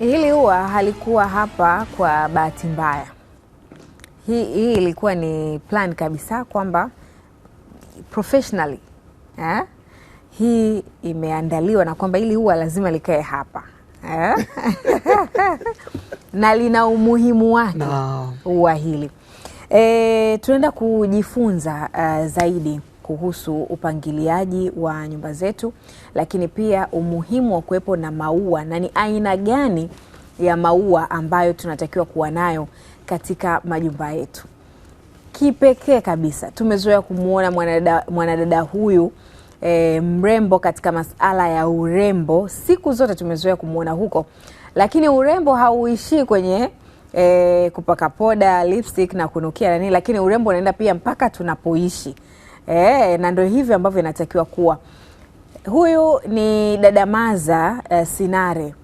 Hili huwa halikuwa hapa kwa bahati mbaya. Hii, hii ilikuwa ni plan kabisa kwamba professionally eh? Hii imeandaliwa na kwamba hili huwa lazima likae hapa eh? na lina umuhimu wake no. hili e, tunaenda kujifunza uh, zaidi kuhusu upangiliaji wa nyumba zetu, lakini pia umuhimu wa kuwepo na maua na ni aina gani ya maua ambayo tunatakiwa kuwa nayo katika majumba yetu. Kipekee kabisa tumezoea kumwona mwanadada, mwanadada huyu e, mrembo katika masala ya urembo, siku zote tumezoea kumwona huko, lakini urembo hauishii kwenye e, kupaka poda lipstick na kunukia nanini lakini urembo unaenda pia mpaka tunapoishi e, na ndio hivyo ambavyo inatakiwa kuwa. Huyu ni dada Maza uh, Sinare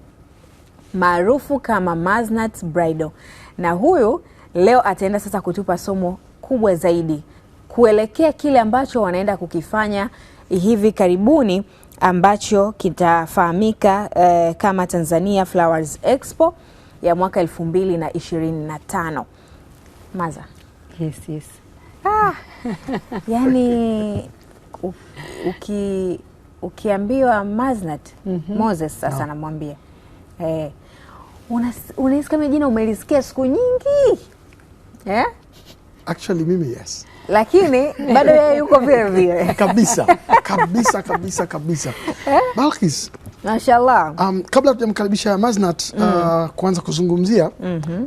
maarufu kama Maznat Bridal, na huyu leo ataenda sasa kutupa somo kubwa zaidi kuelekea kile ambacho wanaenda kukifanya hivi karibuni ambacho kitafahamika eh, kama Tanzania Flowers Expo ya mwaka 2025. Maza. Yes, yes ah. yani uki, ukiambiwa Maznat mm -hmm. Moses sasa namwambia eh, unahisi kama jina umelisikia siku nyingi eh? Actually, mimi yes lakini bado yeye yuko vile vile kabisa kabisa kabisa kabisa eh? Balkis, mashallah. Um, kabla tujamkaribisha Maznat mm. uh, kuanza kuzungumzia mm -hmm.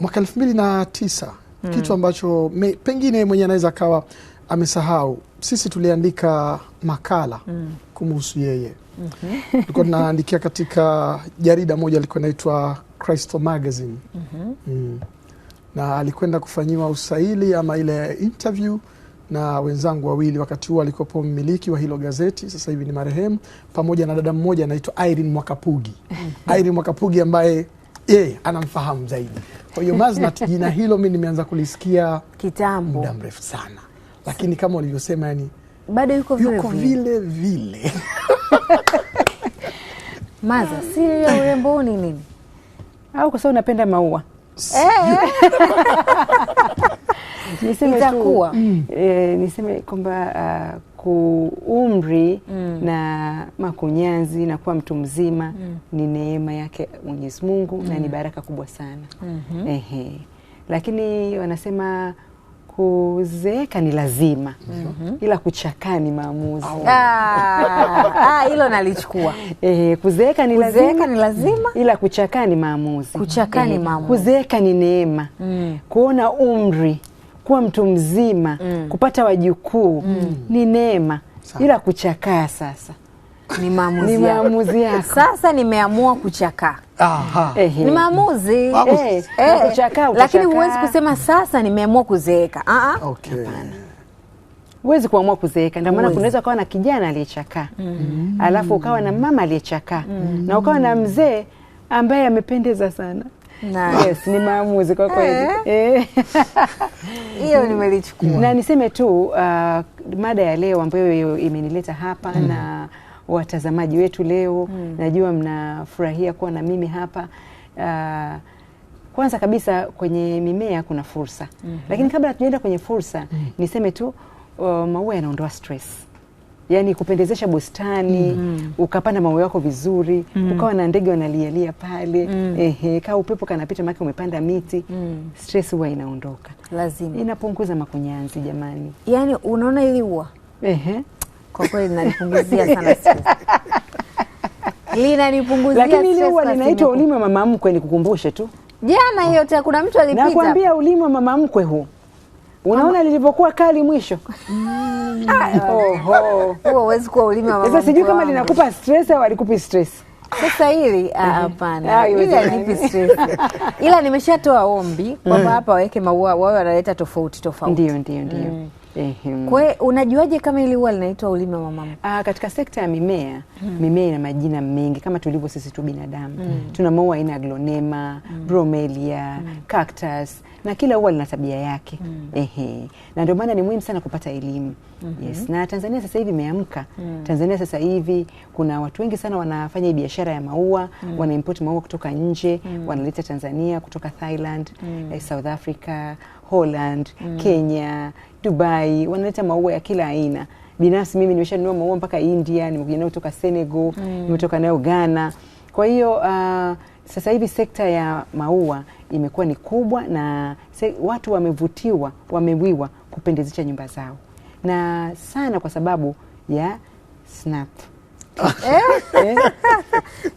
mwaka elfu mbili na tisa mm. kitu ambacho me, pengine mwenye anaweza akawa amesahau. Sisi tuliandika makala mm. kumuhusu yeye mm -hmm. tunaandikia katika jarida moja alikuwa inaitwa cristo Magazine mm -hmm. mm. na alikwenda kufanyiwa usaili ama ile interview na wenzangu wawili wakati huo alikopo mmiliki wa hilo gazeti sasa hivi ni marehemu, pamoja na dada mmoja anaitwa irin Mwakapugi. Mhm. irin Mwakapugi ambaye yeye anamfahamu zaidi. Kwa hiyo Maznat jina hilo mi nimeanza kulisikia kitambo, muda mrefu sana, lakini kama ulivyosema, yani bado yuko vile yuko vile vile Maza si ya urembo ni nini? Au kwa sababu napenda maua eh. niseme tu, mm. E, niseme kwamba uh, umri mm. na makunyanzi na kuwa mtu mzima mm. ni neema yake Mwenyezi Mungu mm. na ni mm. baraka kubwa sana mm -hmm. Ehe. Lakini wanasema kuzeeka ni lazima mm -hmm. ila kuchakaa ni maamuzi. Ah. Ah, ah, hilo nalichukua. Eh, kuzeeka ni lazima, ni lazima ila kuchakaa ni maamuzi. Kuchakaa ni maamuzi. Kuzeeka ni neema mm. kuona umri kuwa mtu mzima mm. kupata wajukuu mm. ni neema, ila kuchakaa sasa ni maamuzi ni maamuzi yako. Sasa nimeamua kuchakaa. Aha. Ni maamuzi eh, eh, lakini huwezi kusema sasa nimeamua kuzeeka. Ah ah. Okay. Huwezi kuamua kuzeeka, ndio maana kunaweza ukawa na kijana aliyechakaa mm. alafu ukawa na mama aliyechakaa mm. na ukawa na mzee ambaye amependeza sana Yes, ni maamuzi kwa kweli eh? Eh. hiyo nimelichukua na niseme tu uh, mada ya leo ambayo imenileta hapa mm. na watazamaji wetu leo mm. najua mnafurahia kuwa na mimi hapa uh, kwanza kabisa kwenye mimea kuna fursa mm -hmm. Lakini kabla hatujaenda kwenye fursa mm -hmm. niseme tu uh, maua yanaondoa stress yani kupendezesha bustani mm -hmm. ukapanda maua yako vizuri mm -hmm. ukawa na ndege wanalialia pale mm -hmm. ehe, kaa upepo kanapita maake umepanda miti mm -hmm. stress huwa inaondoka, lazima inapunguza makunyanzi jamani. Yani unaona ili ua ehe, kwa kweli linanipunguzia sana linanipunguzia lakini ile ua linaitwa ulimi wa mama mkwe, nikukumbushe tu jana hiyo, kuna mtu alipita nakwambia ulimi wa mama mkwe huu Unaona lilivyokuwa kali mwisho. Mm. Huwezi kuwa ulimi wa mama. Sasa sijui kama linakupa stress au alikupi stress. Sasa hili ah, mhm. hapana, ah, hili alinipi stress, ila nimeshatoa ombi kwamba mm. hapa waweke maua, wawe wanaleta tofauti tofauti. Ndio, ndio, ndio. Mm. Kwa unajuaje kama ili huwa linaitwa ulima wa mama Ah, katika sekta ya mimea mm. mimea ina majina mengi kama tulivyo sisi tu binadamu mm. tuna maua aina ya glonema mm. bromelia mm. cactus na kila ua lina tabia yake mm. Ehe, na ndio maana ni muhimu sana kupata elimu mm -hmm. Yes, na Tanzania sasa hivi imeamka mm. Tanzania sasa hivi kuna watu wengi sana wanafanya biashara ya maua mm. wanaimport maua kutoka nje mm. wanaleta Tanzania kutoka Thailand mm. eh, South Africa Holland mm. Kenya, Dubai, wanaleta maua ya kila aina. Binafsi mimi nimeshanunua maua mpaka India, nimekuja nayo kutoka Senegal mm. nimetoka nayo Ghana. Kwa hiyo uh, sasa hivi sekta ya maua imekuwa ni kubwa na se, watu wamevutiwa, wamewiwa kupendezesha nyumba zao, na sana kwa sababu ya snap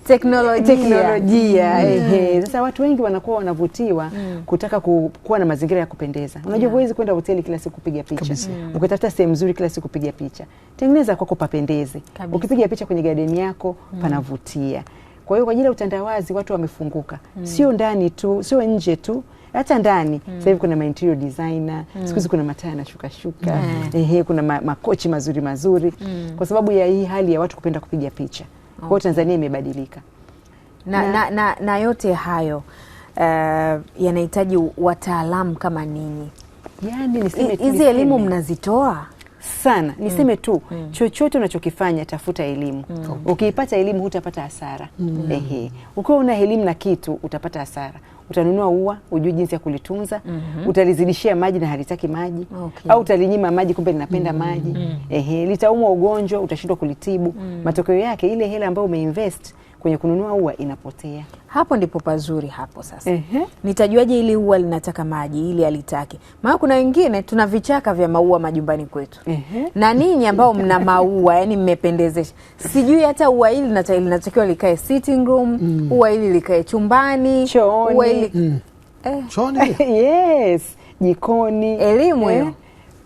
teknolojia, teknolojia. Mm. sasa watu wengi wanakuwa wanavutiwa mm. kutaka kuwa na mazingira ya kupendeza. Unajua huwezi kwenda hoteli kila siku kupiga picha mm. ukitafuta sehemu nzuri kila siku kupiga picha, tengeneza kwako papendeze. Ukipiga picha kwenye gadeni yako mm. panavutia. Kwa hiyo kwa ajili ya utandawazi watu wamefunguka mm. sio ndani tu, sio nje tu hata ndani mm. Sasa hivi kuna interior designer mm. Siku hizi kuna mataa yanashuka shuka mm. Ehe, kuna ma, makochi mazuri mazuri mm. Kwa sababu ya hii hali ya watu kupenda kupiga picha okay. Tanzania imebadilika na, na, na, na, na yote hayo uh, yanahitaji wataalamu kama ninyi. Yani niseme hizi elimu mnazitoa sana mm. niseme mm. tu mm. chochote unachokifanya tafuta elimu mm. Ukiipata elimu hutapata hasara mm. Ehe, ukiwa una elimu na kitu utapata hasara utanunua ua, ujui jinsi ya kulitunza mm -hmm. Utalizidishia maji na halitaki maji okay. Au utalinyima maji, kumbe linapenda mm -hmm. maji mm -hmm. Ehe, litaumwa ugonjwa, utashindwa kulitibu mm -hmm. Matokeo yake ile hela ambayo umeinvest kwenye kununua ua inapotea. Hapo ndipo pazuri hapo sasa. Ehe. Nitajuaje ili ua linataka maji ili alitake? Maana kuna wengine tuna vichaka vya maua majumbani kwetu. Ehe. Na ninyi ambao mna maua yani mmependezesha. Sijui hata ua hili linatakiwa likae sitting room, mm. ua hili likae chumbani, Chooni. ua hili mm. eh. Chooni. yes, jikoni. Elimu Eh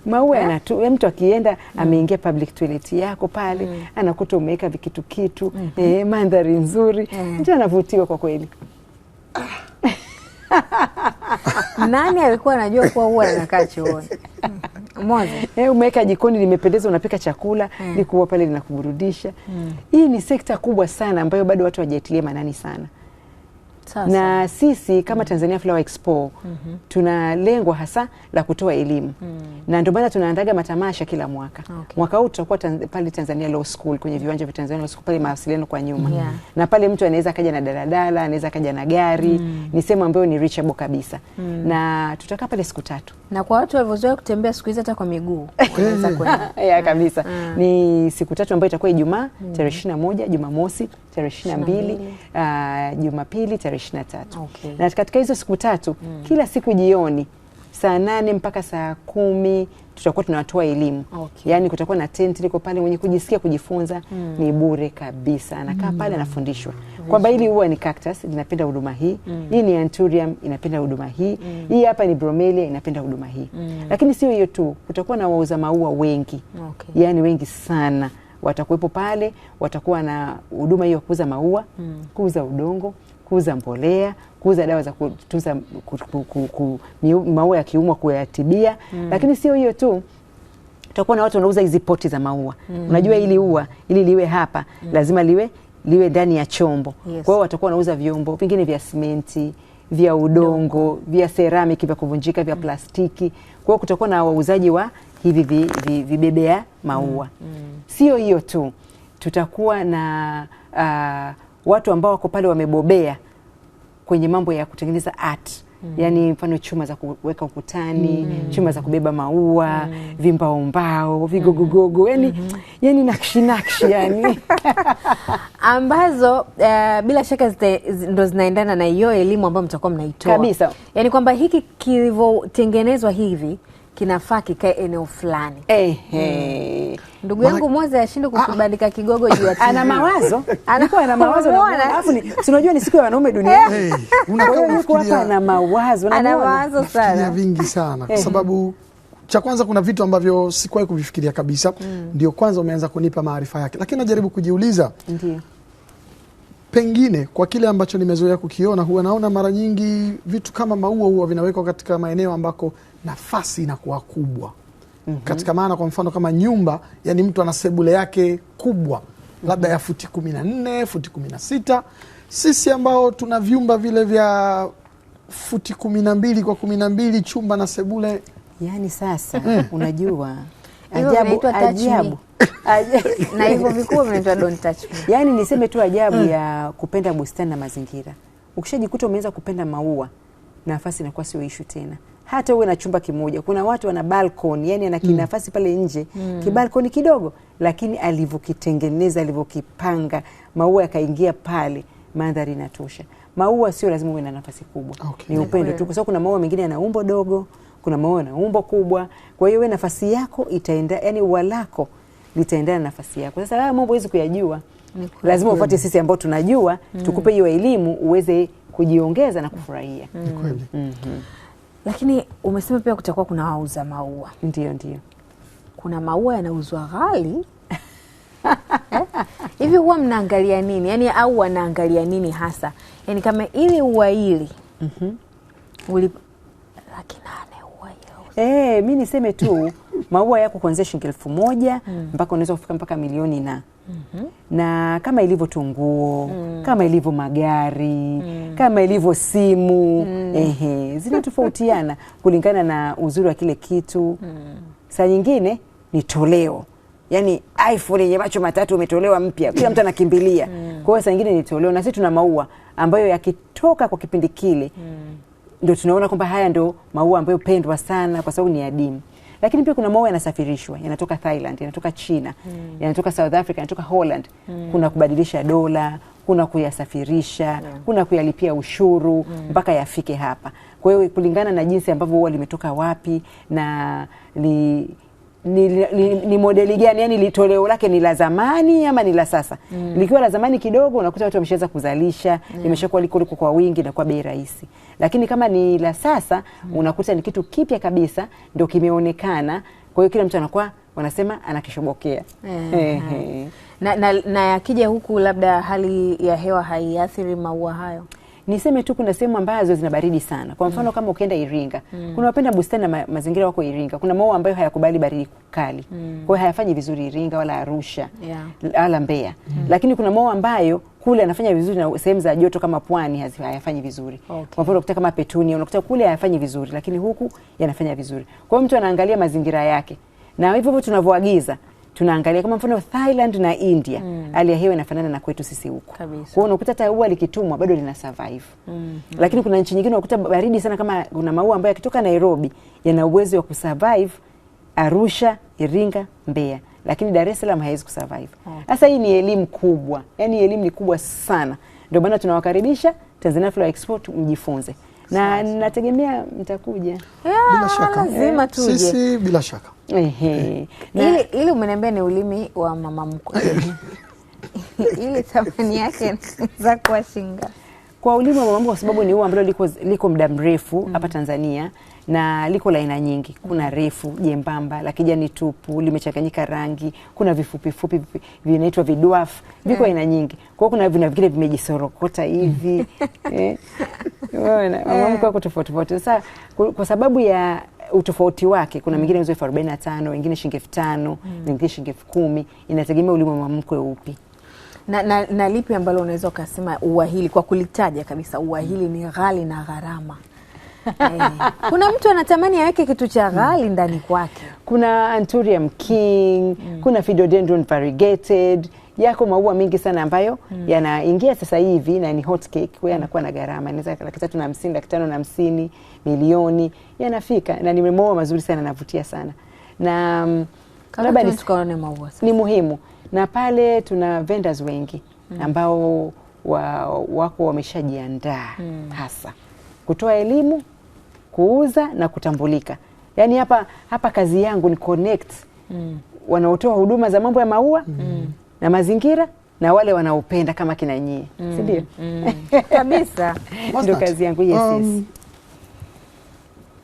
maua eh? anatu yaani mtu akienda mm. ameingia public toilet yako pale mm. anakuta umeweka vikitu kitu mm -hmm. eh, mandhari nzuri mm. ndio anavutiwa kwa kweli Nani alikuwa anajua kuwa huwa anakaa chooni? Moja. Eh, umeweka jikoni limependeza, unapika chakula mm. likuwa pale linakuburudisha mm. Hii ni sekta kubwa sana ambayo bado watu hawajatilia manani sana. Sasa, na sisi kama mm. Tanzania Flower Expo mm -hmm. tuna lengo hasa la kutoa elimu mm. na ndio maana tunaandaga matamasha kila mwaka okay. Mwaka huu tutakuwa pale Tanzania Law School kwenye viwanja vya Tanzania Law School pale mawasiliano kwa nyuma yeah. na pale mtu anaweza kaja na daladala, anaweza kaja na gari mm. ni sehemu ambayo ni reachable kabisa mm. na tutakaa pale siku tatu na kwa watu walivyozoea kutembea siku hizi hata kwa miguu ya kabisa. Mm. Ni siku tatu ambayo itakuwa Ijumaa mm. tarehe ishirini na moja, Jumamosi tarehe ishirini na mbili, uh, Jumapili tarehe ishirini na tatu okay. na katika hizo siku tatu mm. kila siku jioni saa nane mpaka saa kumi tutakuwa tunatoa elimu okay. Yani kutakuwa na tenti liko pale, mwenye kujisikia kujifunza mm. ni bure kabisa, anakaa mm. pale hmm. anafundishwa kwamba hili huwa ni cactus linapenda huduma hii mm. hii ni anthurium inapenda huduma hii mm. hii hapa ni bromelia inapenda huduma hii mm. Lakini sio hiyo tu, kutakuwa na wauza maua wengi okay. Yani wengi sana watakuwepo pale, watakuwa na huduma hiyo ya kuuza maua mm. kuuza udongo kuuza mbolea, kuuza dawa za kutunza ku, ku, ku, ku, maua ya kiumwa kuyatibia mm. Lakini sio hiyo tu tutakuwa na watu wanauza hizi poti za maua mm. Unajua ili ua ili liwe hapa mm. lazima liwe liwe ndani ya chombo yes. Kwa hiyo watakuwa wanauza vyombo vingine vya simenti vya udongo no. vya seramiki vya kuvunjika vya mm. plastiki. Kwa hiyo kutakuwa na wauzaji wa hivi vibebea vi, vi maua mm. mm. Sio hiyo tu tutakuwa na uh, watu ambao wako pale wamebobea kwenye mambo ya kutengeneza art mm. Yaani mfano chuma za kuweka ukutani mm. chuma za kubeba maua mm. vimbaombao mm-hmm. vigogogogo yani, mm -hmm. yani nakshi nakshi yani ambazo uh, bila shaka ndo zinaendana na hiyo elimu ambayo mtakuwa mnaitoa kabisa, yani kwamba hiki kilivyotengenezwa hivi kinafaa kikae eneo fulani. Eh, Ndugu yangu Moza ashinde ah, ah. kukibandika kigogo juu ya ana mawazo ana mawazo, alafu tunajua ni siku ya wanaume duniani. Eh. unakuwa hapa ana mawazo, ana mawazo sana vingi sana kwa sababu cha kwanza kuna vitu ambavyo sikuwahi kuvifikiria kabisa mm. Ndio kwanza umeanza kunipa maarifa yake, lakini najaribu kujiuliza Ndiyo. Pengine kwa kile ambacho nimezoea kukiona, huwa naona mara nyingi vitu kama maua huwa vinawekwa katika maeneo ambako nafasi inakuwa kubwa mm -hmm. Katika maana kwa mfano kama nyumba, yani mtu ana sebule yake kubwa labda ya futi kumi na nne futi kumi na sita Sisi ambao tuna vyumba vile vya futi kumi na mbili kwa kumi na mbili chumba na sebule, yani sasa mm. unajua ajabu, ajabu. na hivyo vikuu vinaitwa Yani niseme tu ajabu mm. ya kupenda bustani na mazingira. Ukishajikuta umeweza kupenda maua, nafasi inakuwa sio ishu tena hata uwe na chumba kimoja. Kuna watu wana balkoni, yani ana mm. kinafasi pale nje mm. kibalkoni kidogo, lakini alivyokitengeneza, alivyokipanga, maua yakaingia pale, mandhari inatosha. Maua sio lazima uwe na nafasi kubwa, okay. ni upendo tu, kwa sababu kuna maua mengine yana umbo dogo, kuna maua yana umbo kubwa. Kwa hiyo we nafasi yako itaenda, yani ua lako litaendana na nafasi yako. Sasa haya mambo huwezi kuyajua, lazima ufuate sisi ambao tunajua, mm. tukupe hiyo elimu uweze kujiongeza na kufurahia. mm. mm -hmm. Lakini umesema pia kutakuwa kuna wauza maua. Ndio, ndio, kuna maua yanauzwa ghali hivi huwa mnaangalia nini yaani, au wanaangalia nini hasa? yani kama ili ua hili mm -hmm. uli laki nane ua eh, mi niseme tu maua yako kuanzia shilingi elfu moja mm. mpaka mm. unaweza kufika mpaka milioni na Mhm. na kama ilivyo tunguo mm. kama ilivyo magari mm. kama ilivyo simu mm. ehe, zinatofautiana kulingana na uzuri wa kile kitu mm. saa nyingine ni toleo yani iPhone yenye macho matatu umetolewa mpya, kila mtu anakimbilia mm. kwa hiyo saa nyingine ni toleo, na sisi tuna maua ambayo yakitoka kwa kipindi kile mm. ndo tunaona kwamba haya ndo maua ambayo pendwa sana, kwa sababu ni adimu lakini pia kuna maua yanasafirishwa, yanatoka Thailand, yanatoka China, mm. yanatoka South Africa, yanatoka Holland mm. kuna kubadilisha dola, kuna kuyasafirisha yeah. kuna kuyalipia ushuru hmm. mpaka mm. yafike hapa. Kwa hiyo kulingana na jinsi ambavyo huwa limetoka wapi na li ni, ni, ni modeli gani, yani litoleo lake ni la zamani ama ni la sasa mm. Likiwa la zamani kidogo, unakuta watu wameshaweza kuzalisha mm. Limeshakuwa liko liko kwa wingi na kwa bei rahisi, lakini kama ni la sasa mm. Unakuta ni kitu kipya kabisa ndio kimeonekana, kwa hiyo kila mtu anakuwa wanasema anakishobokea eh, eh. Na, na, na yakija huku labda hali ya hewa haiathiri maua hayo Niseme tu kuna sehemu ambazo zina baridi sana. Kwa mfano mm. kama ukienda Iringa, mm. kuna wapenda bustani na ma mazingira wako Iringa. Kuna maua ambayo hayakubali baridi kali. Mm. Kwa hiyo hayafanyi vizuri Iringa wala Arusha, yeah. wala Mbeya. Mm. Lakini kuna maua ambayo kule anafanya vizuri na sehemu za joto kama pwani hayafanyi vizuri. Okay. Kwa mfano ukuta kama petunia unakuta kule hayafanyi vizuri lakini huku yanafanya vizuri. Kwa hiyo mtu anaangalia mazingira yake. Na hivyo hivyo tunavyoagiza tunaangalia kama mfano Thailand na India mm. hali ya hewa inafanana na kwetu sisi huko. Kwa hiyo unakuta hata ua likitumwa bado lina survive mm. lakini kuna nchi nyingine unakuta baridi sana, kama kuna maua ambayo yakitoka Nairobi yana uwezo wa kusurvive Arusha, Iringa, Mbeya lakini Dar es Salaam haiwezi kusurvive. Sasa oh. hii ni elimu kubwa, Yaani elimu ni kubwa sana, ndio maana tunawakaribisha Tanzania Flora Export mjifunze, na nategemea mtakuja. Bila shaka, lazima eh, tuje sisi, bila shaka Ehe. Ile ile umeniambia ni ulimi wa mama mkwe. ile thamani yake za kuwashinga kwa ulimi wa mama mkwe, kwa sababu ni huo ambalo liko, liko muda mrefu mm. hapa Tanzania na liko la aina nyingi. Kuna refu jembamba, la kijani tupu, limechanganyika rangi, kuna vifupifupi vinaitwa vidwaf, viko eh. aina nyingi. Kwa hiyo kuna vina vingine vimejisorokota hivi eh, mama mkwe wako tofauti tofauti. Sasa kwa sababu ya utofauti wake, kuna mm. mingine mm. elfu arobaini na tano wengine shilingi elfu tano mm. wengine shilingi elfu kumi inategemea ulimo wa mkwe upi na, na, na lipi ambalo unaweza ukasema ua hili kwa kulitaja kabisa, ua hili ni ghali na gharama. hey. Eh, kuna mtu anatamani aweke kitu cha ghali ndani kwake. Kuna Anthurium king mm. kuna Philodendron variegated yako maua mengi sana ambayo mm. yanaingia sasa hivi na ni hot cake, kwa hmm. yanakuwa na gharama, inaweza laki tatu na hamsini, laki tano na hamsini, milioni yanafika, na ni maua mazuri sana, yanavutia sana na mm, labda ni, ni muhimu, na pale tuna vendors wengi mm. ambao wa, wako wameshajiandaa mm. hasa kutoa elimu, kuuza na kutambulika. Yaani hapa hapa kazi yangu ni connect mm. wanaotoa huduma za mambo ya maua mm na mazingira na wale wanaopenda kama kina nyie mm. si ndio? mm. Kabisa, ndio kazi yangu. Yes, um, yes.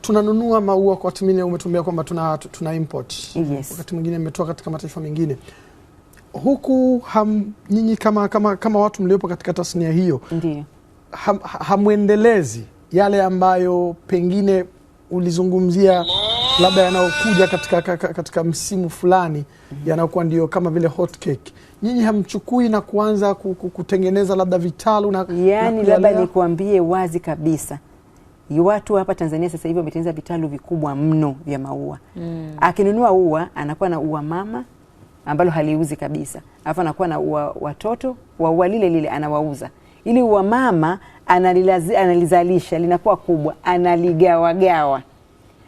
Tunanunua maua kwa timini, umetumia kwamba tuna, tuna import yes. Wakati mwingine imetoka katika mataifa mengine huku ham, nyinyi kama, kama, kama watu mliopo katika tasnia hiyo ham, hamwendelezi yale ambayo pengine ulizungumzia labda yanayokuja katika, katika, katika msimu fulani mm -hmm. yanayokuwa ndio kama vile hot cake nyinyi hamchukui na kuanza kutengeneza labda vitalu na, yani na yaani labda nikuambie wazi kabisa watu hapa Tanzania sasa hivi wametengeneza vitalu vikubwa mno vya maua mm. Akinunua ua anakuwa na ua mama ambalo haliuzi kabisa, alafu anakuwa na ua watoto wa ua lile lile anawauza, ili ua mama analilazi, analizalisha linakuwa kubwa, analigawagawa.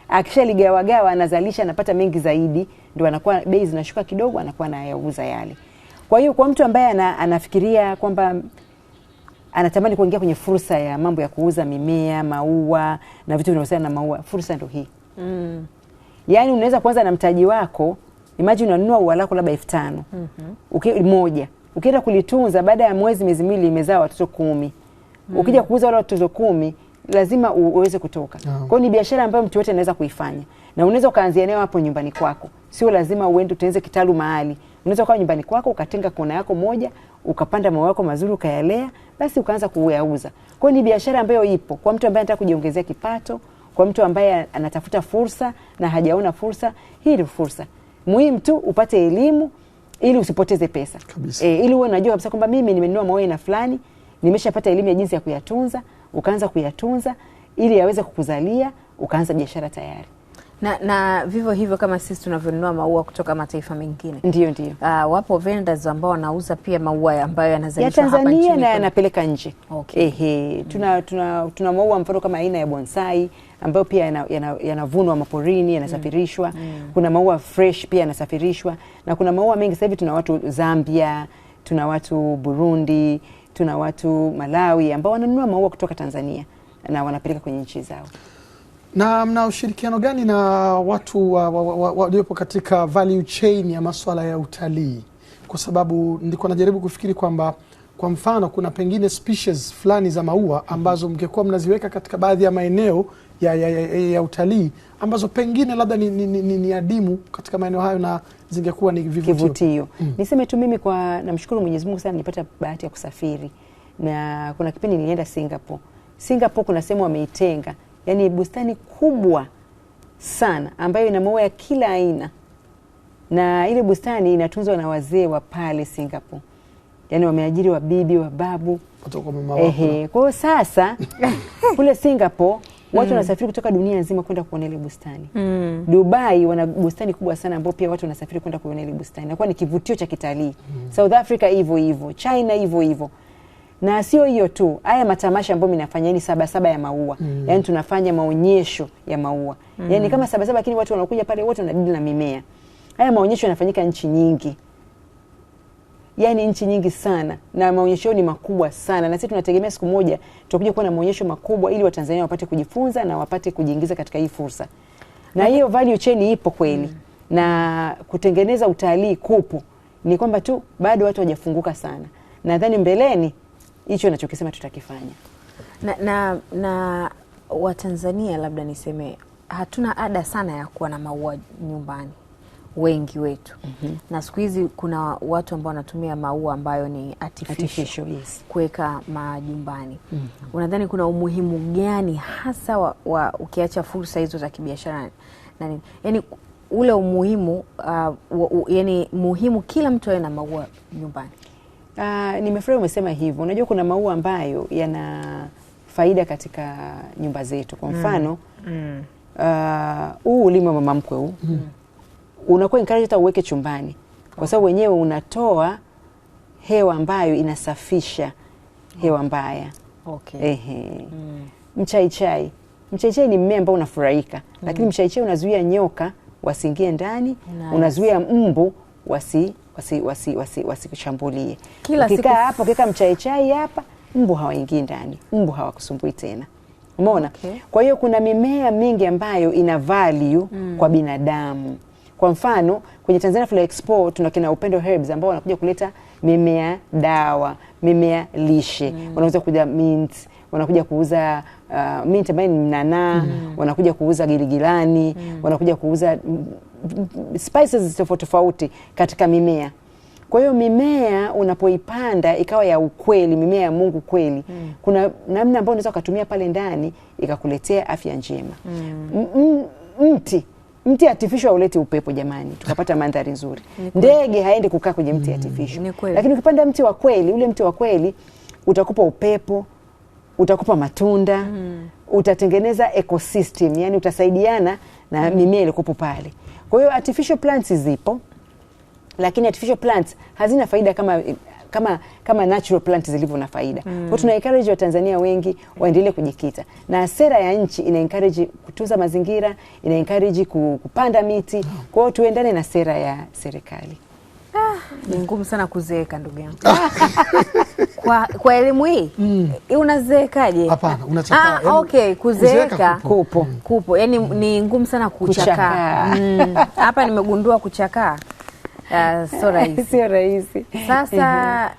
Akishaligawagawa anazalisha, anapata mengi zaidi, ndio anakuwa bei zinashuka kidogo, anakuwa anayauza yale. Kwa hiyo kwa mtu ambaye ana, anafikiria kwamba anatamani kuingia kwenye fursa ya mambo ya kuuza mimea, maua na vitu vinavyohusiana na maua, fursa ndio hii mm. Yaani unaweza kuanza na mtaji wako, imagine unanunua ua lako labda elfu tano mm -hmm. moja ukienda kulitunza baada ya mwezi miezi miwili imezaa watoto kumi mm. Ukija kuuza wale watoto kumi lazima uweze kutoka mm. Kwa hiyo ni biashara ambayo mtu yote anaweza kuifanya na unaweza ukaanzia nayo hapo nyumbani kwako, sio lazima uende utenze kitalu mahali Unaweza ukawa nyumbani kwako ukatenga kona yako moja ukapanda maua yako mazuri ukayalea, basi ukaanza kuyauza. Kwa ni biashara ambayo ipo kwa mtu ambaye anataka kujiongezea kipato, kwa mtu ambaye anatafuta fursa na hajaona fursa. Hii ni fursa muhimu tu, upate elimu ili usipoteze pesa e, ili uwe unajua kabisa kwamba mimi nimenunua maua na fulani, nimeshapata elimu ya jinsi ya kuyatunza, ukaanza kuyatunza ili yaweze kukuzalia, ukaanza biashara tayari na, na vivyo hivyo kama sisi tunavyonunua maua kutoka mataifa mengine, ndio ndio. Uh, wapo vendors ambao wanauza pia maua ambayo yanazalishwa hapa nchini Tanzania na yanapeleka nje. Okay. Ehe, tuna, tuna, tuna maua mfano kama aina ya bonsai ambayo pia yanavunwa yana, yana maporini yanasafirishwa. mm. Mm. Kuna maua fresh pia yanasafirishwa na kuna maua mengi. Sasa hivi tuna watu Zambia, tuna watu Burundi, tuna watu Malawi ambao wananunua maua kutoka Tanzania na wanapeleka kwenye nchi zao. Na mna ushirikiano gani na watu waliopo wa, wa, katika value chain ya masuala ya utalii? Kwa sababu nilikuwa najaribu kufikiri kwamba kwa mfano kuna pengine species fulani za maua ambazo mngekuwa mnaziweka katika baadhi ya maeneo ya, ya, ya, ya utalii ambazo pengine labda ni, ni, ni, ni adimu katika maeneo hayo na zingekuwa ni vivutio, kivutio. Mm. Niseme tu mimi kwa namshukuru Mwenyezi Mungu sana nilipata bahati ya kusafiri na kuna kipindi nilienda Singapore. Singapore kuna sehemu wameitenga yani bustani kubwa sana ambayo ina maua ya kila aina, na ile bustani inatunzwa na wazee wa pale Singapore, yani wameajiri wabibi wa babu. kwa hiyo sasa kule Singapore watu mm. wanasafiri kutoka dunia nzima kwenda kuona ile bustani mm. Dubai wana bustani kubwa sana ambao pia watu wanasafiri kwenda kuona ile bustani, nakuwa ni kivutio cha kitalii mm. South Africa hivyo hivyo, China hivyo hivyo na sio hiyo tu, haya matamasha ambayo mnafanya yani sabasaba ya maua mm. yani tunafanya maonyesho ya maua mm. yani kama sabasaba, lakini watu wanakuja pale wote wanadili na mimea. Haya maonyesho yanafanyika nchi nyingi, yani nchi nyingi sana, na maonyesho ni makubwa sana, na sisi tunategemea siku moja tutakuja kuwa na maonyesho makubwa, ili Watanzania wapate kujifunza na wapate kujiingiza katika hii fursa, na hiyo value chain ipo kweli mm. na kutengeneza utalii kupo, ni kwamba tu bado watu hawajafunguka sana, nadhani mbeleni hicho nachokisema tutakifanya na, na, na Watanzania labda niseme hatuna ada sana ya kuwa na maua nyumbani wengi wetu mm -hmm. Na siku hizi kuna watu ambao wanatumia maua ambayo ni yes. Kuweka majumbani mm -hmm. Unadhani kuna umuhimu gani hasa wa, wa ukiacha fursa hizo za kibiashara yani ule umuhimu uh, yani muhimu kila mtu awe na maua nyumbani? Uh, nimefurahi umesema hivyo. Unajua kuna maua ambayo yana faida katika nyumba zetu. Kwa mm. mfano mm. Ah, huu uh, ulima mama mkwe huu mm. unakuwa encourage hata uweke chumbani kwa sababu wenyewe unatoa hewa ambayo inasafisha hewa mbaya. Okay. Ehe. Mm. Mchaichai, mchaichai ni mmea ambao unafurahika mm. lakini mchaichai unazuia nyoka wasiingie ndani nice. Unazuia mbu wasi wasi wasi wasi wasikushambulie. Kila siku hapa kika mchai chai hapa, mbu hawaingii ndani, mbu hawakusumbui tena. Umeona? Okay. Kwa hiyo kuna mimea mingi ambayo ina value mm. kwa binadamu. Kwa mfano kwenye Tanzania Flora Expo tuna kina Upendo Herbs ambao wanakuja kuleta mimea dawa, mimea lishe. Mm. Wanaweza kuja mint, wanakuja kuuza uh, mint ambayo ni mnanaa, mm. wanakuja kuuza giligilani, mm. wanakuja kuuza spices tofauti tofauti katika mimea. Kwa hiyo mimea unapoipanda ikawa ya ukweli, mimea ya Mungu kweli mm. kuna namna ambayo unaweza ukatumia pale ndani ikakuletea afya njema mm. mti mti artificial hauleti upepo jamani, tukapata mandhari nzuri. Ndege haendi kukaa kwenye mti mm. artificial, lakini ukipanda mti wa kweli, ule mti wa kweli utakupa upepo, utakupa matunda mm. utatengeneza ecosystem, yani utasaidiana na mm. mimea ilikopo pale. Kwa hiyo artificial plants zipo, lakini artificial plants hazina faida kama kama kama natural plant zilivyo na faida. Mm. Kwa tuna encourage Watanzania wengi waendelee kujikita, na sera ya nchi ina encourage kutunza mazingira, ina encourage kupanda miti. Kwa hiyo tuendane na sera ya serikali. Ni ngumu sana kuzeeka ndugu yangu. Ah. Kwa, kwa elimu hii mm. unazeekaje? Hapana, unachaka. Ah, yaani okay, kuzeeka kupo. Kupo. Yani mm. Yaani ni ngumu sana kuchakaa. Mm. Hapa mm. nimegundua kuchakaa. Uh, ah, sio rahisi. Sio rahisi. Sasa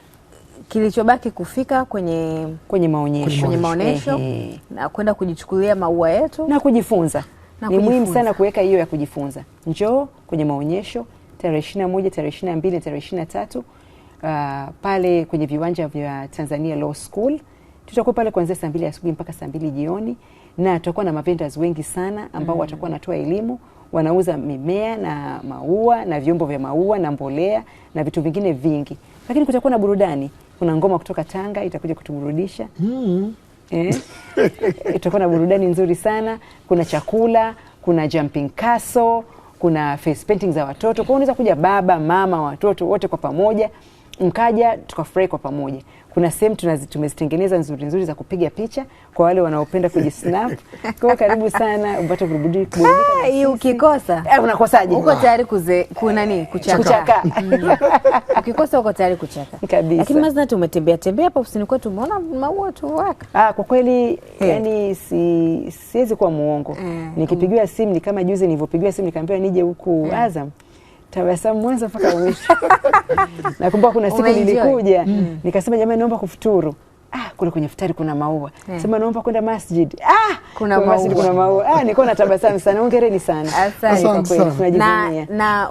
kilichobaki kufika kwenye kwenye maonyesho, kwenye maonyesho na kwenda kujichukulia maua yetu na kujifunza. Na ni muhimu sana kuweka hiyo ya kujifunza. Njoo kwenye maonyesho tarehe ishirini moja tarehe ishirini na mbili na tarehe ishirini uh, pale kwenye viwanja vya Tanzania Law School tutakuwa pale kuanzia saa mbili asubuhi mpaka saa mbili jioni, na tutakuwa na mavendas wengi sana ambao mm. watakuwa wanatoa elimu, wanauza mimea na maua na vyombo vya maua na mbolea na vitu vingine vingi, lakini kutakuwa na burudani. Kuna ngoma kutoka Tanga itakuja kutuburudisha mm. eh, itakuwa na burudani nzuri sana. Kuna chakula, kuna jumping castle kuna face painting za watoto. Kwa hiyo unaweza kuja baba, mama, watoto wote kwa pamoja mkaja tukafurahi kwa pamoja. Kuna sehemu tumezitengeneza nzuri nzuri za kupiga picha kwa wale wanaopenda kujisnap. Kwa karibu sana, upate kurudika. Hii ukikosa eh, unakosaje? Uko tayari kuze kuna nini? Kuchaka. Mm. Ukikosa uko tayari kuchaka kabisa. Lakini mazina tumetembea tembea hapa ofisini kwetu, umeona maua tu waka. Ah, kwa kweli eh. yani si siwezi kuwa muongo. Eh. Nikipigiwa simu ni kama juzi nilivyopigiwa simu nikaambiwa nije huku mm. Azam tabasamu mwanzo mpaka mwisho. Nakumbuka kuna siku nilikuja mm. nikasema jamani, naomba kufuturu Ah, kule kwenye futari kuna maua yeah. Sema naomba kwenda masjid. Ah, kuna maua, kuna maua. Ah, na tabasamu sana. ongereni sana, asante kwa kweli, tunajivunia. Na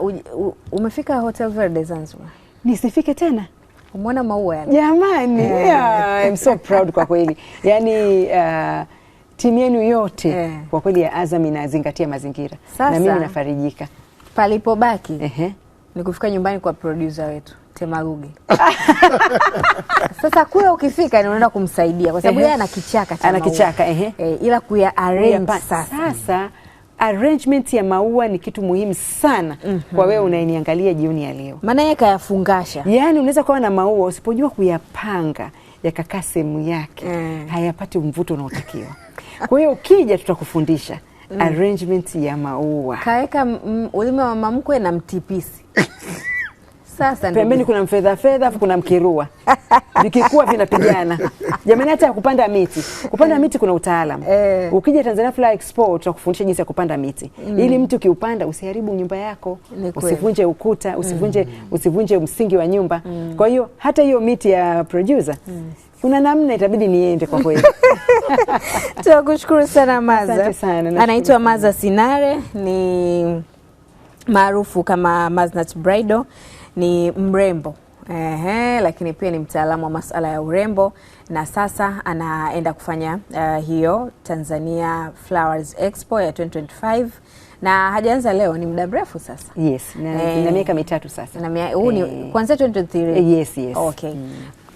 umefika Hotel Verde Zanzibar? Nisifike tena umeona maua yani? Jamani, yeah. yeah, I'm so proud kwa kweli yani uh, timu yenu yote yeah. kwa kweli ya Azam inazingatia mazingira Sasa, na mimi nafarijika. Palipobaki ehe, ni kufika nyumbani kwa producer wetu Temaruge. Sasa kule ukifika, ni unaenda kumsaidia kwa sababu yeye ana kichaka cha ana kichaka ehe, e, ila kuya arrange sasa. Sasa arrangement ya maua ni kitu muhimu sana mm -hmm. kwa wewe unayeniangalia jioni ya leo, maana yeye kayafungasha, yaani unaweza kuwa na maua usipojua kuyapanga yakakaa sehemu yake mm. hayapati mvuto unaotakiwa. Kwa hiyo ukija tutakufundisha mm. arrangement ya maua kaweka ulime wa mamkwe na mtipisi sasa pembeni kuna mfedha fedha, afu kuna mkirua vikikuwa vinapigana. Jamani, hata ya kupanda miti, kupanda eh. miti kuna utaalamu eh. Ukija Tanzania fly Expo tutakufundisha jinsi ya kupanda miti mm. ili mtu ukiupanda usiharibu nyumba yako, usivunje ukuta, usivunje mm. usivunje msingi wa nyumba mm. kwa hiyo hata hiyo miti ya producer mm kuna namna itabidi niende kwa kweli. Tunakushukuru sana Maza. Anaitwa Maza Sinare, ni maarufu kama Maznat Bridal, ni mrembo Ehe, lakini pia ni mtaalamu wa masuala ya urembo na sasa anaenda kufanya uh, hiyo Tanzania Flowers Expo ya 2025 na hajaanza leo, ni muda mrefu sasa. Yes, na eh, miaka mitatu sasa. Na huu ni eh. kuanzia 2023. Yes, yes. Okay. Mm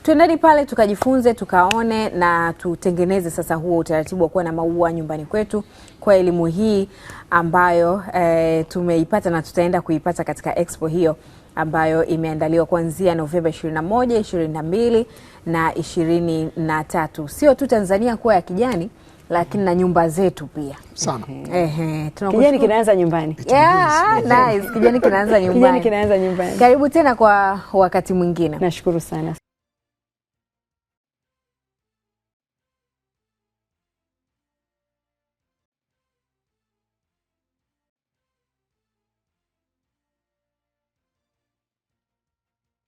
tuendeni pale tukajifunze, tukaone na tutengeneze sasa huo utaratibu wa kuwa na maua nyumbani kwetu, kwa elimu hii ambayo e, tumeipata na tutaenda kuipata katika expo hiyo ambayo imeandaliwa kuanzia Novemba 21, 22 na 23. Sio tu Tanzania kuwa ya kijani lakini na nyumba zetu pia kijani kinaanza mm-hmm. Kijani kinaanza nyumbani. Kijani kinaanza nyumbani. Karibu tena kwa wakati mwingine. Nashukuru sana.